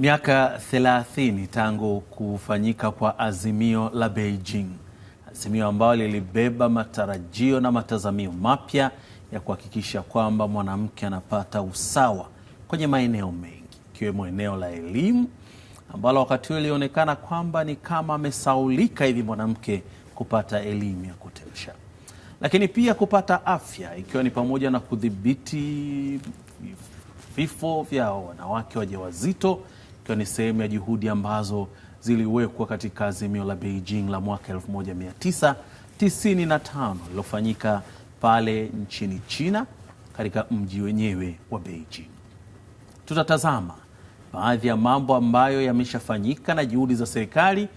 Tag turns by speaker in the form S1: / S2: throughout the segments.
S1: Miaka 30 tangu kufanyika kwa azimio la Beijing, azimio ambalo lilibeba matarajio na matazamio mapya ya kuhakikisha kwamba mwanamke anapata usawa kwenye maeneo mengi, ikiwemo eneo la elimu ambalo wakati huo ilionekana kwamba ni kama amesaulika hivi mwanamke kupata elimu ya kutosha, lakini pia kupata afya, ikiwa ni pamoja na kudhibiti vifo vya wanawake wajawazito ikiwa ni sehemu ya juhudi ambazo ziliwekwa katika azimio la Beijing la mwaka 1995 lililofanyika pale nchini China katika mji wenyewe wa Beijing. Tutatazama baadhi ya mambo ambayo yameshafanyika na juhudi za serikali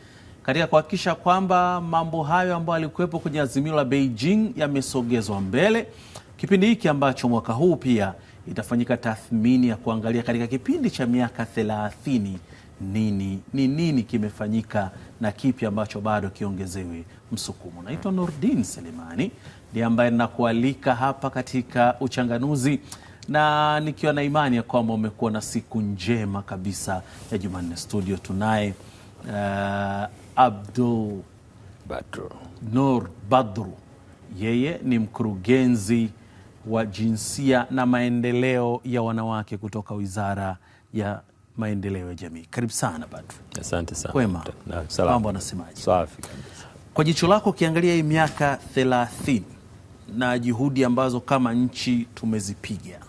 S1: katika kuhakikisha kwamba mambo hayo ambayo yalikuwepo kwenye azimio la Beijing yamesogezwa mbele, kipindi hiki ambacho mwaka huu pia itafanyika tathmini ya kuangalia katika kipindi cha miaka thelathini nini ni nini kimefanyika na kipi ambacho bado kiongezewe msukumo. Naitwa nordin Selemani ndi ambaye ninakualika hapa katika Uchanganuzi, na nikiwa na imani ya kwamba umekuwa na siku njema kabisa ya Jumanne. Studio tunaye uh, Abdul Badru. Nur Badru, yeye ni mkurugenzi wa jinsia na maendeleo ya wanawake kutoka Wizara ya Maendeleo ya Jamii. Karibu sana Badru. Asante sana. Kwema, mambo anasemaje?
S2: Safi kabisa.
S1: Kwa jicho lako ukiangalia hii miaka thelathini na juhudi ambazo kama nchi tumezipiga,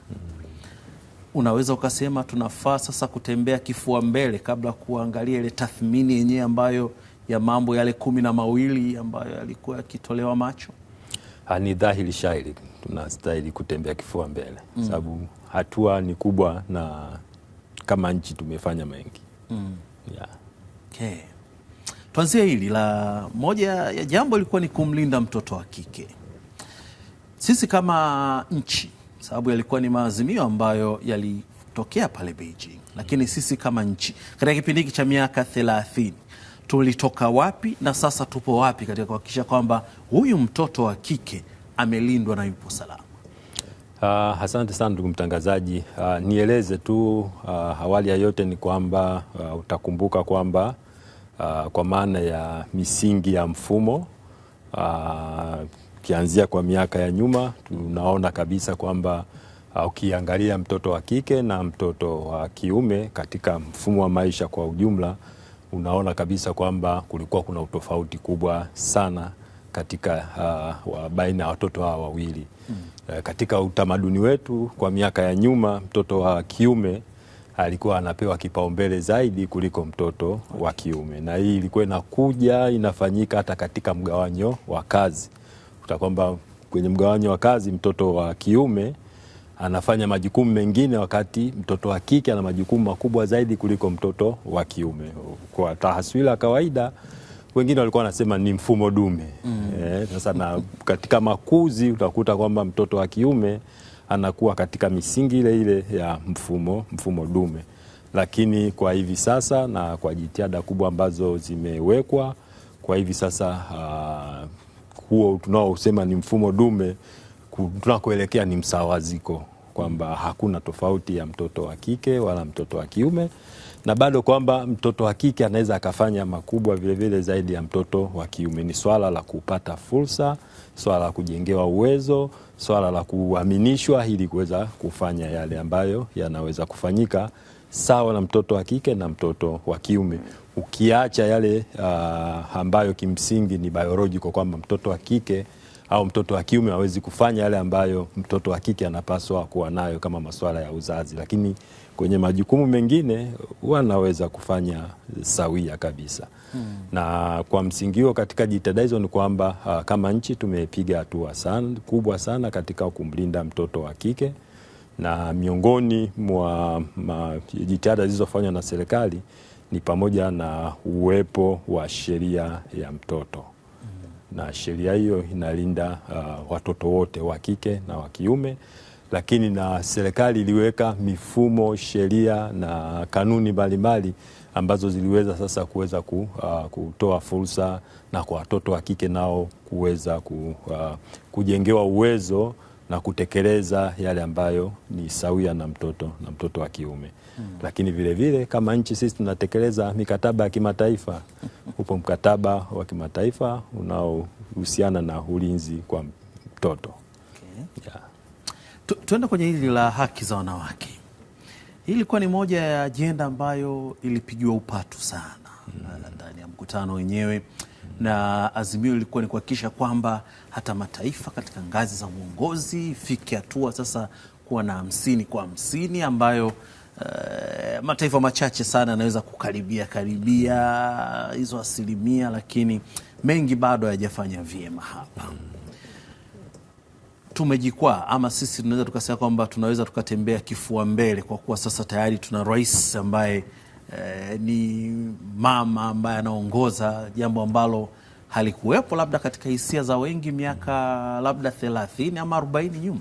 S1: unaweza ukasema tunafaa sasa kutembea kifua mbele kabla kuangalia ile tathmini yenyewe ambayo ya mambo yale kumi na mawili ambayo yalikuwa yakitolewa macho
S2: Ah, ni dhahiri shairi tunastahili kutembea kifua mbele mm. sababu hatua ni kubwa na kama nchi tumefanya mengi
S1: mm. yeah. okay. Tuanzie hili la moja ya jambo ilikuwa ni kumlinda mtoto wa kike. Sisi kama nchi, sababu yalikuwa ni maazimio ambayo yalitokea pale Beijing, lakini mm. sisi kama nchi katika kipindi hiki cha miaka thelathini tulitoka wapi na sasa tupo wapi katika kuhakikisha kwamba huyu mtoto wa kike amelindwa na yupo salama.
S2: Uh, asante sana ndugu mtangazaji. Uh, nieleze tu uh, awali ya yote ni kwamba uh, utakumbuka kwamba uh, kwa maana ya misingi ya mfumo uh, ukianzia kwa miaka ya nyuma tunaona kabisa kwamba ukiangalia mtoto wa kike na mtoto wa kiume katika mfumo wa maisha kwa ujumla unaona kabisa kwamba kulikuwa kuna utofauti kubwa sana katika uh, baina ya watoto hawa wawili mm. Uh, katika utamaduni wetu kwa miaka ya nyuma mtoto wa kiume alikuwa anapewa kipaumbele zaidi kuliko mtoto okay. wa kiume, na hii ilikuwa inakuja inafanyika hata katika mgawanyo wa kazi, utakwamba kwenye mgawanyo wa kazi mtoto wa kiume anafanya majukumu mengine, wakati mtoto wa kike ana majukumu makubwa zaidi kuliko mtoto wa kiume. Kwa taswira ya kawaida, wengine walikuwa wanasema ni mfumo dume mm. Eh, sasa. Mm. E, na katika makuzi utakuta kwamba mtoto wa kiume anakuwa katika misingi ile ile ya mfumo, mfumo dume, lakini kwa hivi sasa na kwa jitihada kubwa ambazo zimewekwa kwa hivi sasa, uh, huo tunaosema ni mfumo dume tunakoelekea ni msawaziko kwamba hakuna tofauti ya mtoto wa kike wala mtoto wa kiume, na bado kwamba mtoto wa kike anaweza akafanya makubwa vilevile vile zaidi ya mtoto wa kiume. Ni swala la kupata fursa, swala la kujengewa uwezo, swala la kuaminishwa ili kuweza kufanya yale ambayo yanaweza kufanyika sawa na mtoto wa kike na mtoto wa kiume, ukiacha yale uh, ambayo kimsingi ni biological kwamba mtoto wa kike au mtoto wa kiume hawezi kufanya yale ambayo mtoto wa kike anapaswa kuwa nayo kama masuala ya uzazi, lakini kwenye majukumu mengine wanaweza kufanya sawia kabisa. Hmm. Na kwa msingi huo katika jitihada hizo ni kwamba ah, kama nchi tumepiga hatua sana kubwa sana katika kumlinda mtoto wa kike na miongoni mwa jitihada zilizofanywa na serikali ni pamoja na uwepo wa sheria ya mtoto na sheria hiyo inalinda uh, watoto wote wa kike na wa kiume, lakini na serikali iliweka mifumo, sheria na kanuni mbalimbali ambazo ziliweza sasa kuweza ku, uh, kutoa fursa na kwa watoto wa kike nao kuweza ku, uh, kujengewa uwezo na kutekeleza yale ambayo ni sawia na mtoto na mtoto wa kiume. Hmm. Lakini vilevile vile, kama nchi sisi tunatekeleza mikataba ya kimataifa upo mkataba wa kimataifa unaohusiana na ulinzi kwa mtoto.
S1: Okay. Yeah. Tu, tuende kwenye hili la haki za wanawake. Hii ilikuwa ni moja ya ajenda ambayo ilipigiwa upatu sana mm. Eh, ndani mm. ya mkutano wenyewe mm. na azimio ilikuwa ni kuhakikisha kwamba hata mataifa katika ngazi za uongozi ifike hatua sasa kuwa na hamsini kwa hamsini ambayo Uh, mataifa machache sana yanaweza kukaribia karibia hizo asilimia, lakini mengi bado hayajafanya vyema hapa. Tumejikwaa ama sisi tunaweza tukasema kwamba tunaweza tukatembea kifua mbele, kwa kuwa sasa tayari tuna rais ambaye eh, ni mama ambaye anaongoza, jambo ambalo halikuwepo labda katika hisia za wengi miaka labda thelathini ama arobaini nyuma.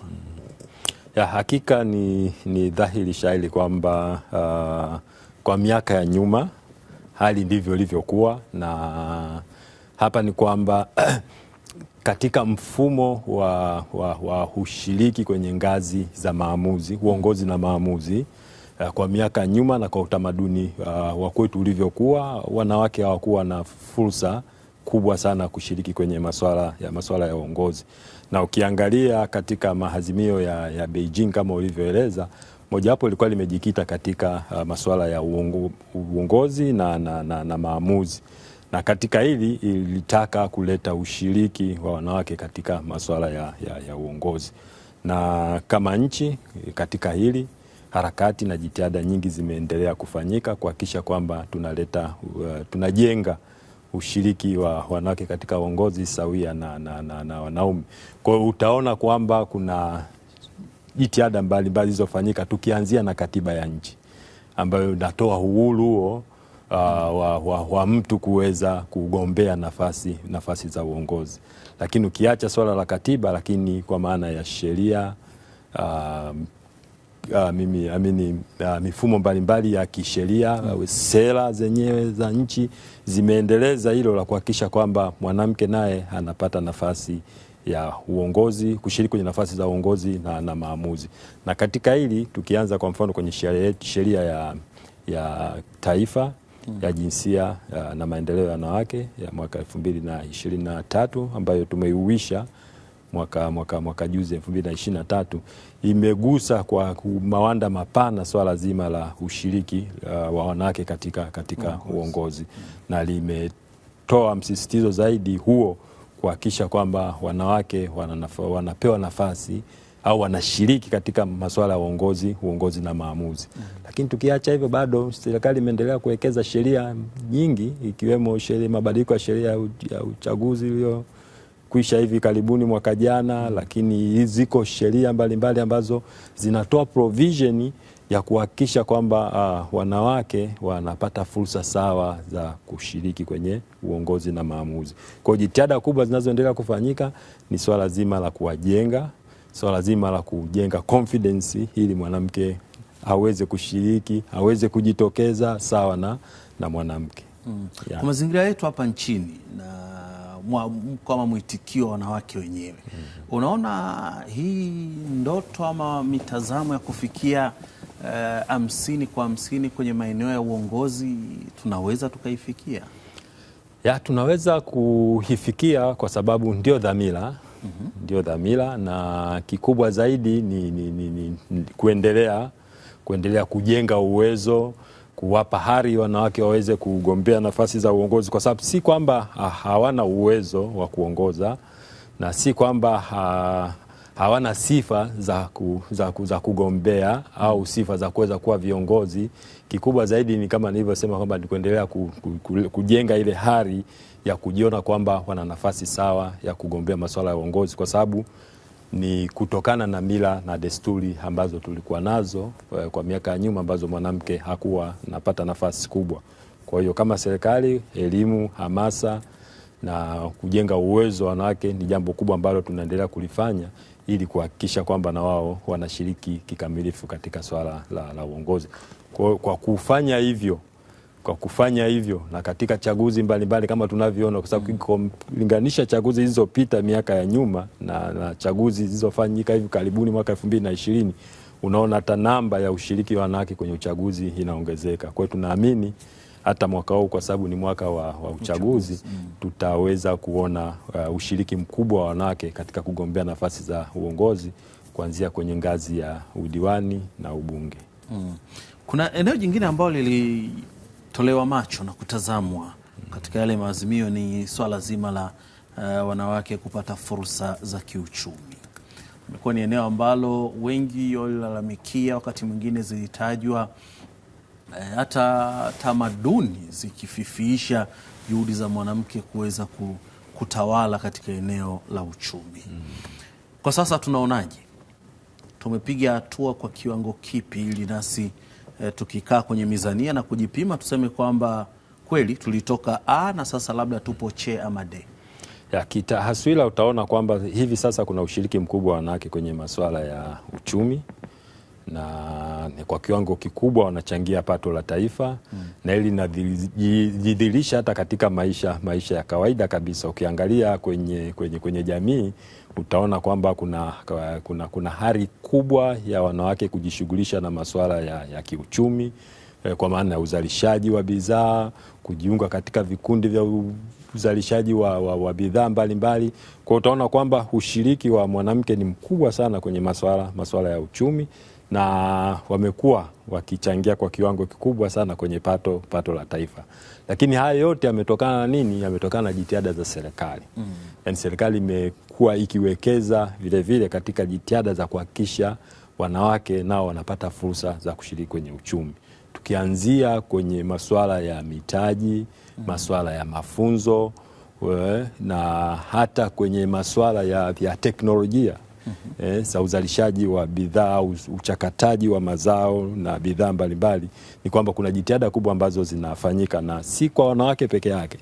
S2: Ya hakika ni, ni dhahiri shahiri kwamba uh, kwa miaka ya nyuma hali ndivyo ilivyokuwa, na hapa ni kwamba katika mfumo wa, wa, wa ushiriki kwenye ngazi za maamuzi, uongozi na maamuzi uh, kwa miaka nyuma na kwa utamaduni uh, wa kwetu ulivyokuwa, wanawake hawakuwa na fursa kubwa sana kushiriki kwenye masuala ya masuala ya uongozi na ukiangalia katika maazimio ya, ya Beijing kama ulivyoeleza, mojawapo ilikuwa limejikita katika uh, masuala ya uongo, uongozi na, na, na, na maamuzi na katika hili ilitaka kuleta ushiriki wa wanawake katika masuala ya, ya, ya uongozi na kama nchi katika hili harakati na jitihada nyingi zimeendelea kufanyika kuhakikisha kwamba tunaleta uh, tunajenga ushiriki wa wanawake katika uongozi sawia na, na, na, na wanaume. Kwa hiyo utaona kwamba kuna jitihada mbalimbali zilizofanyika tukianzia na katiba ya nchi ambayo inatoa uhuru huo uh, wa, wa, wa mtu kuweza kugombea nafasi, nafasi za uongozi. Lakini ukiacha swala la katiba, lakini kwa maana ya sheria uh, uh, mimi amini uh, mifumo mbalimbali ya kisheria mm. sera zenyewe za nchi zimeendeleza hilo la kuhakikisha kwamba mwanamke naye anapata nafasi ya uongozi kushiriki kwenye nafasi za uongozi na, na maamuzi. Na katika hili tukianza kwa mfano kwenye sheria ya, ya taifa hmm. ya jinsia ya, uh, na maendeleo ya wanawake ya mwaka elfu mbili na ishirini na tatu ambayo tumeiuisha mwaka, mwaka, mwaka juzi 2023 imegusa kwa mawanda mapana swala zima la ushiriki uh, wa wanawake katika, katika uongozi, uongozi na limetoa msisitizo zaidi huo kuhakikisha kwamba wanawake wanapewa nafasi au wanashiriki katika masuala ya uongozi uongozi na maamuzi. Mm -hmm. Lakini tukiacha hivyo, bado serikali imeendelea kuwekeza sheria nyingi ikiwemo mabadiliko ya sheria ya uchaguzi hiyo kuisha hivi karibuni mwaka jana, mm. lakini ziko sheria mbalimbali ambazo zinatoa provision ya kuhakikisha kwamba uh, wanawake wanapata fursa sawa za kushiriki kwenye uongozi na maamuzi. Kwa jitihada kubwa zinazoendelea kufanyika ni swala zima la kuwajenga, swala zima la kujenga confidence ili mwanamke aweze kushiriki, aweze kujitokeza sawa na, na mwanamke. Mm.
S1: Kwa mazingira yetu hapa nchini na mwa, kama mwitikio wa wanawake wenyewe. mm -hmm. Unaona hii ndoto ama mitazamo ya kufikia eh, hamsini kwa hamsini kwenye maeneo ya uongozi tunaweza tukaifikia?
S2: Ya, tunaweza kuifikia kwa sababu ndio dhamira mm -hmm. ndio dhamira na kikubwa zaidi ni, ni, ni, ni kuendelea kuendelea kujenga uwezo kuwapa hari wanawake waweze kugombea nafasi za uongozi, kwa sababu si kwamba ah, hawana uwezo wa kuongoza na si kwamba ha, ah, hawana sifa za, ku, za, ku, za kugombea au sifa za kuweza kuwa viongozi. Kikubwa zaidi ni kama nilivyosema kwamba ni kuendelea ku, ku, ku, kujenga ile hari ya kujiona kwamba wana nafasi sawa ya kugombea masuala ya uongozi kwa sababu ni kutokana na mila na desturi ambazo tulikuwa nazo eh, kwa miaka ya nyuma ambazo mwanamke hakuwa napata nafasi kubwa. Kwa hiyo kama serikali, elimu, hamasa na kujenga uwezo wanawake ni jambo kubwa ambalo tunaendelea kulifanya ili kuhakikisha kwamba na wao wanashiriki kikamilifu katika swala la, la uongozi. Kwa, kwa kufanya hivyo kwa kufanya hivyo na katika chaguzi mbalimbali mbali, kama tunavyoona kwa sababu mm. kulinganisha chaguzi zilizopita miaka ya nyuma na, na chaguzi zilizofanyika hivi karibuni mwaka elfu mbili na ishirini unaona hata namba ya ushiriki wa wanawake kwenye uchaguzi inaongezeka. Kwa hiyo tunaamini hata mwaka huu kwa sababu ni mwaka wa, wa uchaguzi, uchaguzi mm. tutaweza kuona uh, ushiriki mkubwa wa wanawake katika kugombea nafasi za uongozi kuanzia kwenye ngazi ya udiwani na ubunge. Mm.
S1: Kuna eneo jingine ambalo lili kutolewa macho na kutazamwa katika yale maazimio ni swala zima la uh, wanawake kupata fursa za kiuchumi. Imekuwa ni eneo ambalo wengi walilalamikia, wakati mwingine zilitajwa uh, hata tamaduni zikififiisha juhudi za mwanamke kuweza kutawala katika eneo la uchumi. Mm. Kwa sasa tunaonaje? Tumepiga hatua kwa kiwango kipi ili nasi e, tukikaa kwenye mizania na kujipima tuseme kwamba kweli tulitoka A na sasa labda tupo che ama d
S2: Ya kitahaswila utaona kwamba hivi sasa kuna ushiriki mkubwa wa wanawake kwenye masuala ya uchumi na kwa kiwango kikubwa wanachangia pato la taifa mm. na hili linajidhihirisha hata katika maisha maisha ya kawaida kabisa. Ukiangalia kwenye, kwenye, kwenye jamii utaona kwamba kuna, kuna, kuna hari kubwa ya wanawake kujishughulisha na masuala ya, ya kiuchumi eh, kwa maana ya uzalishaji wa bidhaa, kujiunga katika vikundi vya uzalishaji wa, wa, wa bidhaa mbalimbali. Kwa utaona kwamba ushiriki wa mwanamke ni mkubwa sana kwenye masuala masuala ya uchumi na wamekuwa wakichangia kwa kiwango kikubwa sana kwenye pato, pato la taifa. Lakini haya yote yametokana na nini? Yametokana na jitihada za serikali mm. Yani serikali imekuwa ikiwekeza vilevile vile katika jitihada za kuhakikisha wanawake nao wanapata fursa za kushiriki kwenye uchumi, tukianzia kwenye masuala ya mitaji mm. masuala ya mafunzo we, na hata kwenye masuala ya, ya teknolojia eh, za uzalishaji wa bidhaa, uchakataji wa mazao na bidhaa mbalimbali, ni kwamba kuna jitihada kubwa ambazo zinafanyika na si kwa wanawake peke yake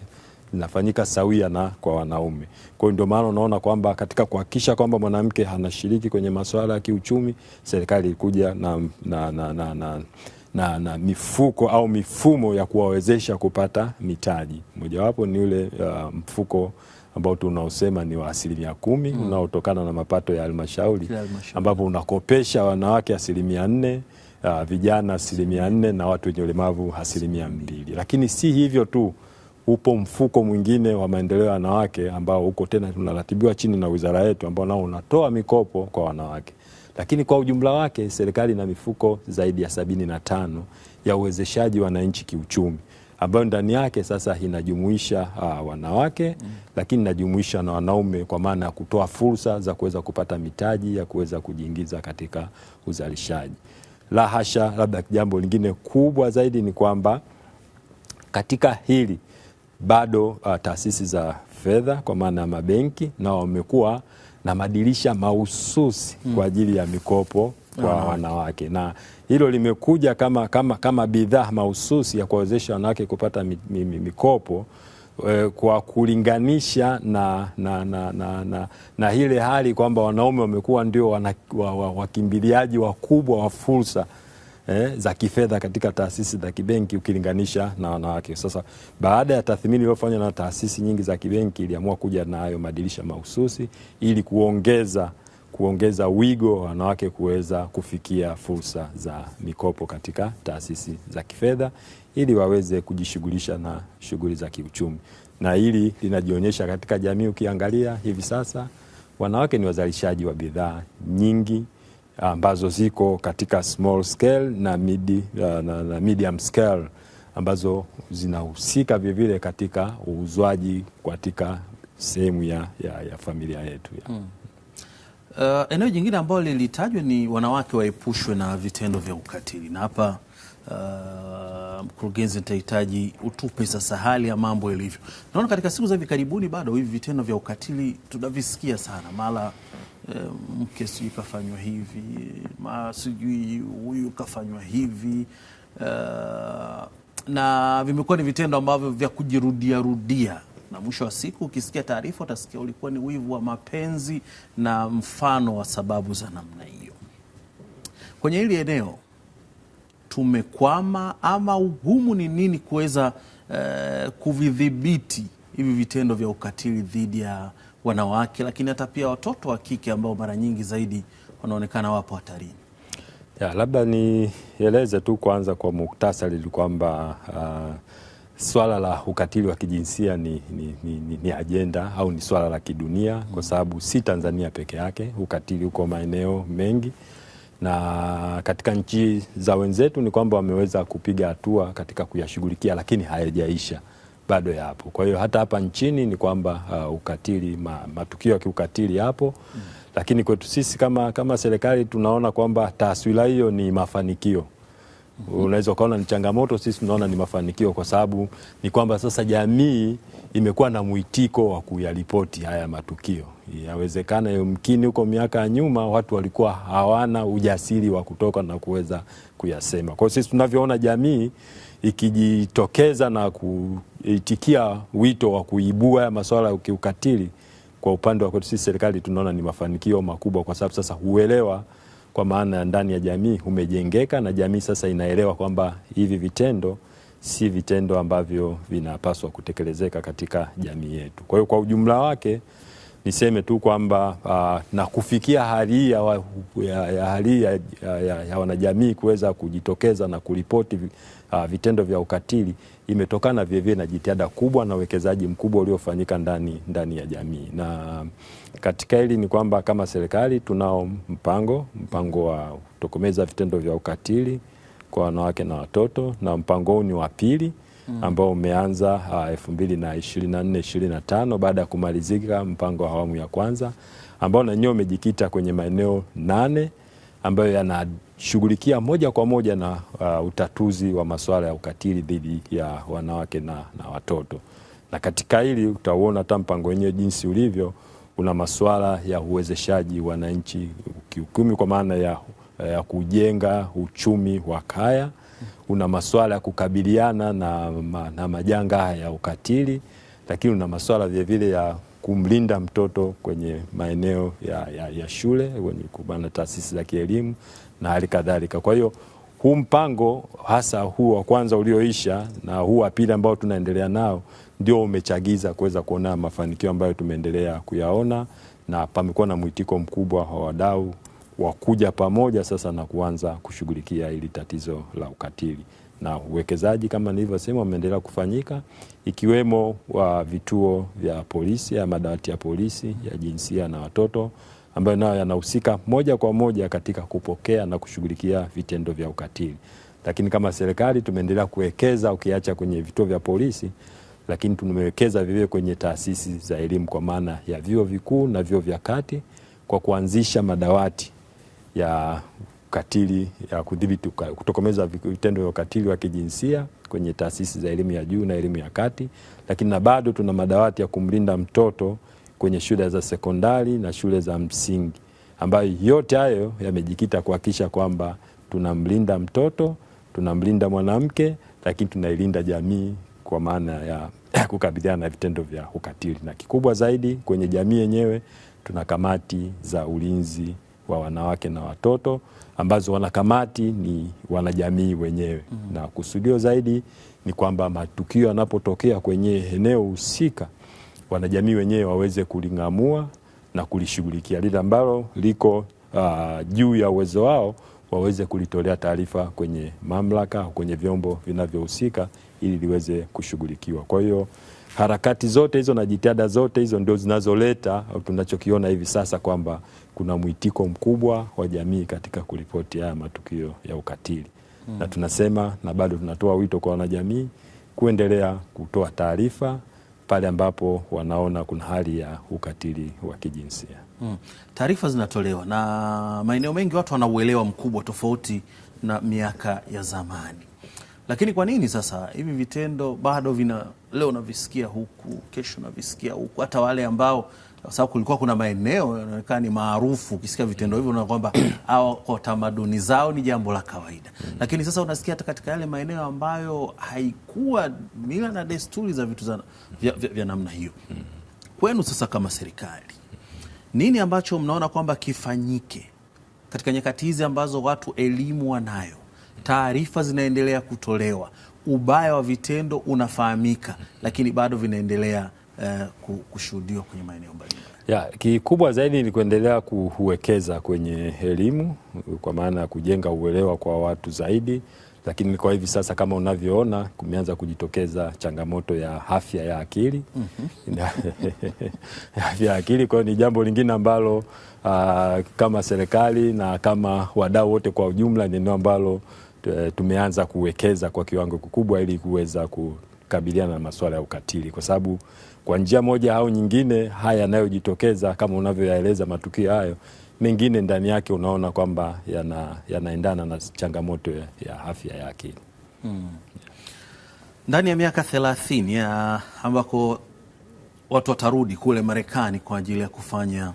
S2: inafanyika sawia na kwa wanaume. Kwa hiyo ndio maana unaona kwamba katika kuhakikisha kwamba mwanamke anashiriki kwenye masuala ya kiuchumi, serikali ilikuja na, na, na, na, na, na, na mifuko au mifumo ya kuwawezesha kupata mitaji. Mojawapo ni ule uh, mfuko ambao tunaosema ni wa asilimia kumi mm. unaotokana na mapato ya halmashauri ambapo unakopesha wanawake asilimia nne uh, vijana asilimia nne na watu wenye ulemavu asilimia mbili. Lakini si hivyo tu, upo mfuko mwingine wa maendeleo ya wanawake ambao huko tena unaratibiwa chini na wizara yetu, ambao nao unatoa mikopo kwa wanawake lakini kwa ujumla wake serikali ina mifuko zaidi ya sabini na tano ya uwezeshaji wananchi kiuchumi ambayo ndani yake sasa inajumuisha uh, wanawake mm. lakini inajumuisha na wanaume kwa maana ya kutoa fursa za kuweza kupata mitaji ya kuweza kujiingiza katika uzalishaji. La hasha, labda jambo lingine kubwa zaidi ni kwamba katika hili bado uh, taasisi za fedha kwa maana ya mabenki nao wamekuwa na madirisha mahususi mm. kwa ajili ya mikopo kwa wanawake na hilo limekuja kama, kama, kama bidhaa mahususi ya kuwawezesha wanawake kupata mikopo eh, kwa kulinganisha na, na, na, na, na, na ile hali kwamba wanaume wamekuwa ndio wakimbiliaji wa, wa, wa wakubwa wa fursa eh, za kifedha katika taasisi za kibenki ukilinganisha na wanawake. Sasa baada ya tathmini iliyofanywa na taasisi nyingi za kibenki, iliamua kuja na hayo madirisha mahususi ili kuongeza kuongeza wigo wa wanawake kuweza kufikia fursa za mikopo katika taasisi za kifedha ili waweze kujishughulisha na shughuli za kiuchumi, na hili linajionyesha katika jamii. Ukiangalia hivi sasa, wanawake ni wazalishaji wa bidhaa nyingi ambazo ziko katika small scale na, midi, na, na medium scale ambazo zinahusika vilevile katika uuzwaji katika sehemu ya, ya, ya familia yetu ya. Hmm.
S1: Uh, eneo jingine ambalo lilitajwa ni wanawake waepushwe na vitendo vya ukatili, na hapa uh, mkurugenzi, nitahitaji utupe sasa hali ya mambo ilivyo. Naona katika siku za hivi karibuni bado hivi vitendo vya ukatili tunavisikia sana, mara uh, mke um, sijui kafanywa hivi, mara sijui huyu kafanywa hivi uh, na vimekuwa ni vitendo ambavyo vya kujirudiarudia na mwisho wa siku ukisikia taarifa utasikia ulikuwa ni wivu wa mapenzi na mfano wa sababu za namna hiyo. Kwenye hili eneo tumekwama ama ugumu ni nini kuweza uh, kuvidhibiti hivi vitendo vya ukatili dhidi ya wanawake, lakini hata pia watoto wa kike ambao mara nyingi zaidi wanaonekana wapo hatarini?
S2: Labda nieleze tu kwanza kwa muktasari kwamba uh, swala la ukatili wa kijinsia ni, ni, ni, ni ajenda au ni swala la kidunia kwa sababu si Tanzania peke yake, ukatili uko maeneo mengi, na katika nchi za wenzetu ni kwamba wameweza kupiga hatua katika kuyashughulikia, lakini hayajaisha, bado yapo. Kwa hiyo hata hapa nchini ni kwamba uh, ukatili ma, matukio ya kiukatili yapo mm. Lakini kwetu sisi kama, kama serikali tunaona kwamba taswira hiyo ni mafanikio unaweza ukaona ni changamoto, sisi tunaona ni mafanikio, kwa sababu ni kwamba sasa jamii imekuwa na mwitiko wa kuyaripoti haya matukio. Yawezekana yumkini huko miaka ya nyuma watu walikuwa hawana ujasiri wa kutoka na kuweza kuyasema. Kwa hiyo sisi tunavyoona jamii ikijitokeza na kuitikia wito wa kuibua haya masuala ya kiukatili, kwa upande wa kwetu sisi serikali tunaona ni mafanikio makubwa, kwa sababu sasa huelewa kwa maana ndani ya jamii umejengeka, na jamii sasa inaelewa kwamba hivi vitendo si vitendo ambavyo vinapaswa kutekelezeka katika jamii yetu. Kwa hiyo kwa ujumla wake niseme tu kwamba uh, na kufikia hali ya, ya, ya, hali ya, ya, ya wanajamii kuweza kujitokeza na kuripoti uh, vitendo vya ukatili imetokana vilevile na jitihada kubwa na uwekezaji mkubwa uliofanyika ndani, ndani ya jamii. Na katika hili ni kwamba kama serikali tunao mpango mpango wa kutokomeza vitendo vya ukatili kwa wanawake na watoto, na mpango huu ni wa pili. Mm. ambao umeanza uh, 2024 25 baada ya kumalizika mpango wa awamu ya kwanza ambao na wenyewe umejikita kwenye maeneo nane ambayo yanashughulikia moja kwa moja na uh, utatuzi wa masuala ya ukatili dhidi ya wanawake na, na watoto. Na katika hili utauona hata mpango wenyewe jinsi ulivyo, una masuala ya uwezeshaji wananchi kiukumi kwa maana ya, ya kujenga uchumi wa kaya una masuala ya kukabiliana na, na majanga haya ya ukatili, lakini una masuala vilevile ya kumlinda mtoto kwenye maeneo ya, ya, ya shule kwenye kubana taasisi za kielimu na hali kadhalika. Kwa hiyo huu mpango hasa huu wa kwanza ulioisha na huu wa pili ambao tunaendelea nao ndio umechagiza kuweza kuona mafanikio ambayo tumeendelea kuyaona, na pamekuwa na mwitiko mkubwa wa wadau wa kuja pamoja sasa na kuanza kushughulikia hili tatizo la ukatili na uwekezaji kama nilivyosema wameendelea kufanyika ikiwemo wa vituo vya polisi ya madawati ya polisi ya jinsia na watoto ambayo nayo yanahusika moja kwa moja katika kupokea na kushughulikia vitendo vya ukatili. Lakini kama serikali tumeendelea kuwekeza ukiacha kwenye vituo vya polisi, lakini tumewekeza vile kwenye taasisi za elimu kwa maana ya vyuo vikuu na vyuo vya kati kwa kuanzisha madawati ya ukatili ya kudhibiti kutokomeza vitendo vya ukatili wa kijinsia kwenye taasisi za elimu ya juu na elimu ya kati, lakini na bado tuna madawati ya kumlinda mtoto kwenye shule za sekondari na shule za msingi, ambayo yote hayo yamejikita kuhakikisha kwamba tunamlinda mtoto, tunamlinda mwanamke, lakini tunailinda jamii kwa maana ya kukabiliana na vitendo vya ukatili. Na kikubwa zaidi kwenye jamii yenyewe tuna kamati za ulinzi kwa wanawake na watoto ambazo wanakamati ni wanajamii wenyewe mm -hmm. na kusudio zaidi ni kwamba matukio yanapotokea kwenye eneo husika, wanajamii wenyewe waweze kuling'amua na kulishughulikia, lile ambalo liko uh, juu ya uwezo wao waweze kulitolea taarifa kwenye mamlaka au kwenye vyombo vinavyohusika ili liweze kushughulikiwa. Kwa hiyo harakati zote hizo na jitihada zote hizo ndio zinazoleta tunachokiona hivi sasa kwamba kuna mwitiko mkubwa wa jamii katika kuripoti haya matukio ya ukatili mm. na tunasema na bado tunatoa wito kwa wanajamii kuendelea kutoa taarifa pale ambapo wanaona kuna hali ya ukatili wa kijinsia mm.
S1: Taarifa zinatolewa na maeneo mengi, watu wanauelewa mkubwa tofauti na miaka ya zamani. Lakini kwa nini sasa hivi vitendo bado vina leo unavisikia huku, kesho navisikia huku, hata wale ambao kwa sababu kulikuwa kuna maeneo yanaonekana ni maarufu, ukisikia vitendo hivyo na kwamba mm. hao kwa tamaduni zao ni jambo la kawaida mm. Lakini sasa unasikia hata katika yale maeneo ambayo haikuwa mila na desturi za vitu vya, vya, vya namna hiyo mm. Kwenu sasa kama serikali, nini ambacho mnaona kwamba kifanyike katika nyakati hizi ambazo watu elimu wanayo taarifa zinaendelea kutolewa, ubaya wa vitendo unafahamika, lakini bado vinaendelea uh, kushuhudiwa kwenye maeneo mbalimbali.
S2: Ya, kikubwa zaidi ni kuendelea kuwekeza kwenye elimu kwa maana ya kujenga uelewa kwa watu zaidi, lakini kwa hivi sasa kama unavyoona kumeanza kujitokeza changamoto ya afya ya akili mm -hmm. afya ya akili. Kwa hiyo ni jambo lingine ambalo uh, kama serikali na kama wadau wote kwa ujumla ni eneo ambalo Eh, tumeanza kuwekeza kwa kiwango kikubwa ili kuweza kukabiliana na masuala ya ukatili, kwa sababu kwa njia moja au nyingine haya yanayojitokeza kama unavyoyaeleza matukio hayo mengine ndani yake unaona kwamba yana, yanaendana na changamoto ya afya ya akili hmm.
S1: Ndani ya miaka thelathini eh, ambako watu watarudi kule Marekani kwa ajili ya kufanya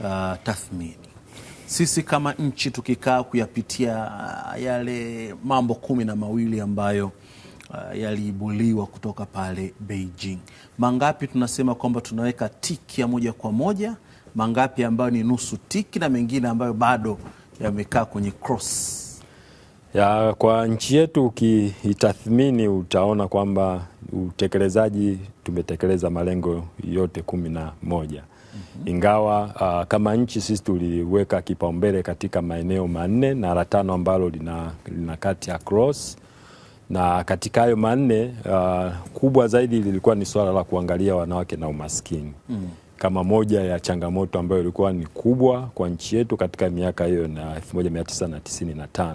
S1: uh, tathmini sisi kama nchi tukikaa kuyapitia uh, yale mambo kumi na mawili ambayo Uh, yaliibuliwa kutoka pale Beijing. Mangapi tunasema kwamba tunaweka tiki ya moja kwa moja, mangapi ambayo ni nusu tiki na mengine ambayo bado yamekaa kwenye cross.
S2: Ya, kwa nchi yetu ukiitathmini utaona kwamba utekelezaji tumetekeleza malengo yote kumi na moja -hmm. Ingawa uh, kama nchi sisi tuliweka kipaumbele katika maeneo manne na la tano ambalo lina, lina kati ya cross na katika hayo manne uh, kubwa zaidi lilikuwa ni swala la kuangalia wanawake na umaskini mm. kama moja ya changamoto ambayo ilikuwa ni kubwa kwa nchi yetu katika miaka hiyo na 1995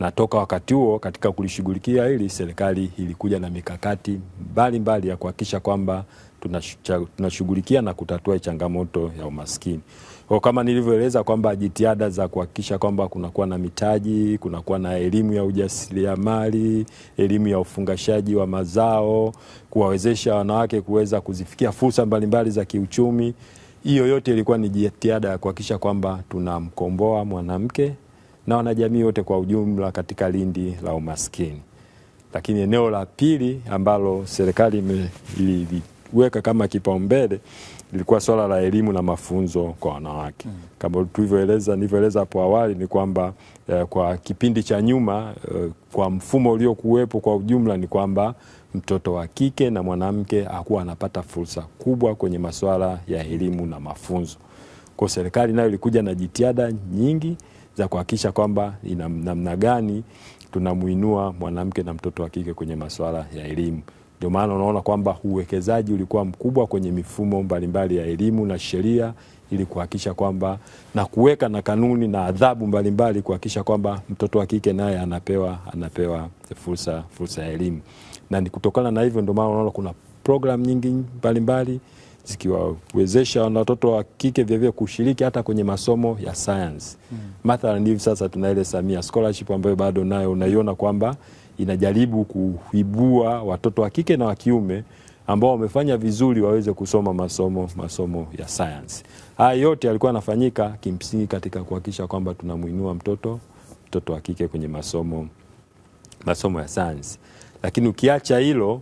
S2: na toka wakati huo katika kulishughulikia hili serikali ilikuja na mikakati mbalimbali ya kuhakikisha kwamba tunashughulikia na kutatua changamoto ya umaskini. Kwa kama nilivyoeleza kwamba jitihada za kuhakikisha kwamba kunakuwa na mitaji, kunakuwa na elimu ya ujasiriamali, elimu ya ufungashaji wa mazao, kuwawezesha wanawake kuweza kuzifikia fursa mbalimbali za kiuchumi. Hiyo yote ilikuwa ni jitihada ya kuhakikisha kwamba tunamkomboa mwanamke na wanajamii wote kwa ujumla katika lindi la umaskini. Lakini eneo la pili ambalo serikali tuliweka kama kipaumbele lilikuwa swala la elimu na mafunzo kwa wanawake. Mm. Kama tulivyoeleza nilivyoeleza hapo awali ni kwamba eh, kwa kipindi cha nyuma eh, kwa mfumo uliokuwepo kwa ujumla ni kwamba mtoto wa kike na mwanamke hakuwa anapata fursa kubwa kwenye masuala ya elimu na mafunzo. Kwa serikali nayo ilikuja na jitihada nyingi za kuhakikisha kwamba ina namna gani tunamuinua mwanamke na mtoto wa kike kwenye masuala ya elimu. Ndio maana unaona kwamba uwekezaji ulikuwa mkubwa kwenye mifumo mbalimbali ya elimu na sheria ili kuhakikisha kwamba na kuweka na kanuni na adhabu mbalimbali kuhakikisha kwamba mtoto wa kike naye anapewa anapewa fursa fursa ya elimu. Na ni kutokana na hivyo ndio maana unaona kuna program nyingi mbalimbali zikiwawezesha watoto wa kike vilevile kushiriki hata kwenye masomo ya science. Mm. Mathalan hivi sasa tuna ile Samia scholarship ambayo bado nayo unaiona kwamba inajaribu kuibua watoto wa kike na wa kiume ambao wamefanya vizuri waweze kusoma masomo masomo ya sayansi. Haya yote yalikuwa yanafanyika kimsingi katika kuhakikisha kwamba tunamuinua mtoto mtoto wa kike kwenye masomo masomo ya sayansi. Lakini ukiacha hilo,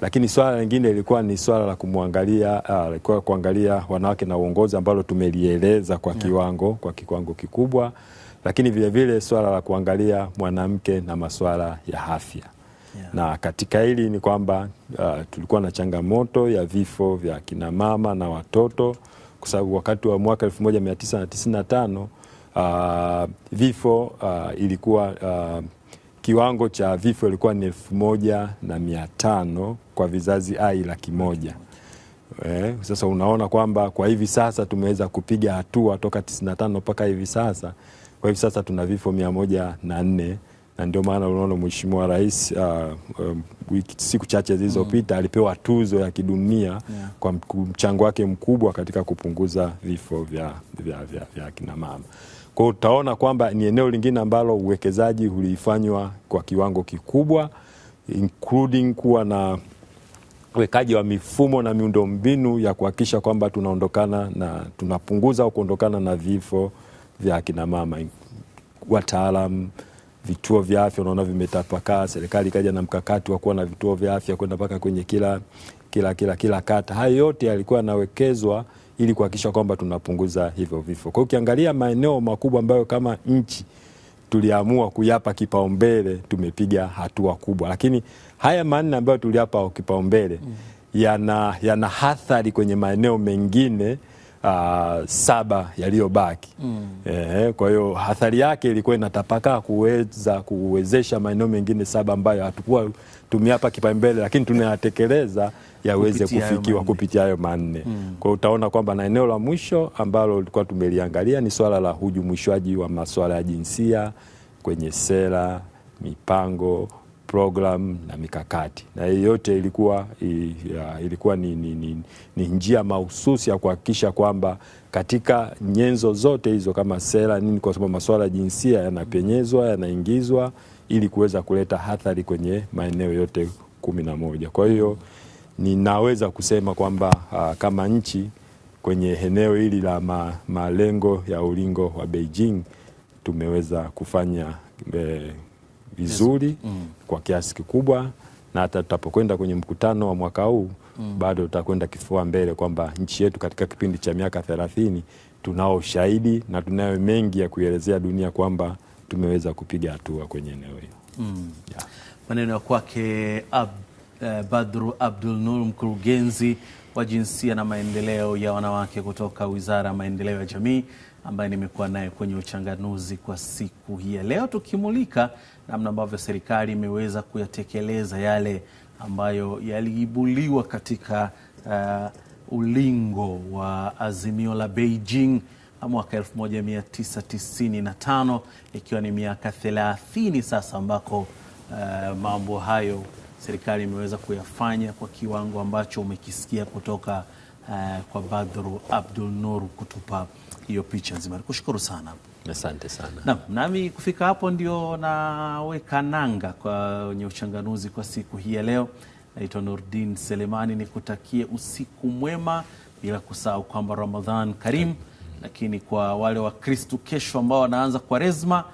S2: lakini swala lingine ilikuwa ni swala la kumwangalia uh, kuangalia wanawake na uongozi ambalo tumelieleza kwa kiwango kwa kiwango kikubwa lakini vilevile swala la kuangalia mwanamke na masuala ya afya yeah. Na katika hili ni kwamba uh, tulikuwa na changamoto ya vifo vya kinamama na watoto kwa sababu wakati wa mwaka 1995 uh, vifo uh, ilikuwa uh, kiwango cha vifo ilikuwa ni elfu moja na mia tano kwa vizazi ai laki moja. Eh, sasa unaona kwamba kwa hivi sasa tumeweza kupiga hatua toka 95 mpaka hivi sasa kwa hivi sasa tuna vifo mia moja na nne na ndio maana unaona Mheshimiwa Rais uh, um, wiki, siku chache zilizopita mm. alipewa tuzo ya kidunia yeah. kwa mchango wake mkubwa katika kupunguza vifo vya, vya, vya, vya kina mama. Kwa hiyo utaona kwamba ni eneo lingine ambalo uwekezaji ulifanywa kwa kiwango kikubwa including kuwa na wekaji wa mifumo na miundombinu ya kuhakikisha kwamba tunaondokana na tunapunguza au kuondokana na vifo vya mama, wataalam, vituo vya afya unaona vimetapakaa. Serikali ikaja na mkakati wa kuwa na vituo vya afya kwenda mpaka kwenye kila, kila, kila, kila kata. Hayo yote yalikuwa yanawekezwa ili kuhakikisha kwamba tunapunguza hivyo vifo. Kwa hiyo ukiangalia maeneo makubwa ambayo kama nchi tuliamua kuyapa kipaumbele, tumepiga hatua kubwa, lakini haya manne ambayo tuliapa kipaumbele mm. yana, yana athari kwenye maeneo mengine uh, saba yaliyobaki mm. Eh, kwa hiyo athari yake ilikuwa inatapakaa kuweza kuwezesha maeneo mengine saba ambayo hatukuwa tumeapa kipaumbele, lakini tunayatekeleza yaweze kufikiwa kupitia hayo manne mm. Kwa hiyo utaona kwamba na eneo la mwisho ambalo tulikuwa tumeliangalia ni swala la hujumuishwaji wa masuala ya jinsia kwenye sera, mipango program na mikakati, na yote ilikuwa, ilikuwa ni, ni, ni, ni njia mahususi ya kuhakikisha kwamba katika nyenzo zote hizo kama sera nini, kwa sababu masuala ya jinsia yanapenyezwa yanaingizwa ili kuweza kuleta athari kwenye maeneo yote kumi na moja. Kwa hiyo ninaweza kusema kwamba kama nchi kwenye eneo hili la ma, malengo ya ulingo wa Beijing tumeweza kufanya eh, vizuri mm. kwa kiasi kikubwa na hata tutapokwenda kwenye mkutano wa mwaka huu mm. bado tutakwenda kifua mbele kwamba nchi yetu katika kipindi cha miaka thelathini tunao ushahidi na tunayo mengi ya kuielezea dunia kwamba tumeweza kupiga hatua kwenye eneo hilo mm.
S1: yeah. Maneno ya kwake Ab, eh, Badru Abdul Nur, mkurugenzi wa jinsia na maendeleo ya wanawake kutoka Wizara ya Maendeleo ya Jamii ambaye nimekuwa naye kwenye uchanganuzi kwa siku hii ya leo, tukimulika namna ambavyo serikali imeweza kuyatekeleza yale ambayo yaliibuliwa katika uh, ulingo wa azimio la Beijing mwaka 1995 ikiwa ni miaka 30 sasa ambako uh, mambo hayo serikali imeweza kuyafanya kwa kiwango ambacho umekisikia kutoka uh, kwa Badru Abdul Nur kutupa hiyo picha nzima. Nikushukuru sana.
S2: Asante sana. Naam,
S1: nami kufika hapo ndio naweka nanga kwenye uchanganuzi kwa siku hii ya leo. Naitwa Nurdin Selemani, nikutakie usiku mwema bila kusahau kwamba Ramadhan Karim, lakini kwa wale wa Kristu kesho ambao wanaanza Kwaresma,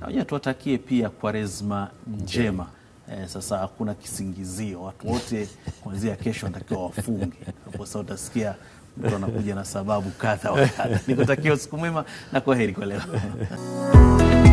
S1: na wenyewe tuwatakie pia Kwaresma njema. Eh, sasa hakuna kisingizio, watu wote kuanzia kesho wanatakiwa wafunge. Hapo sasa utasikia mtu anakuja na sababu kadha wa kadha. Nikutakia usiku mwema na kwaheri kwa leo.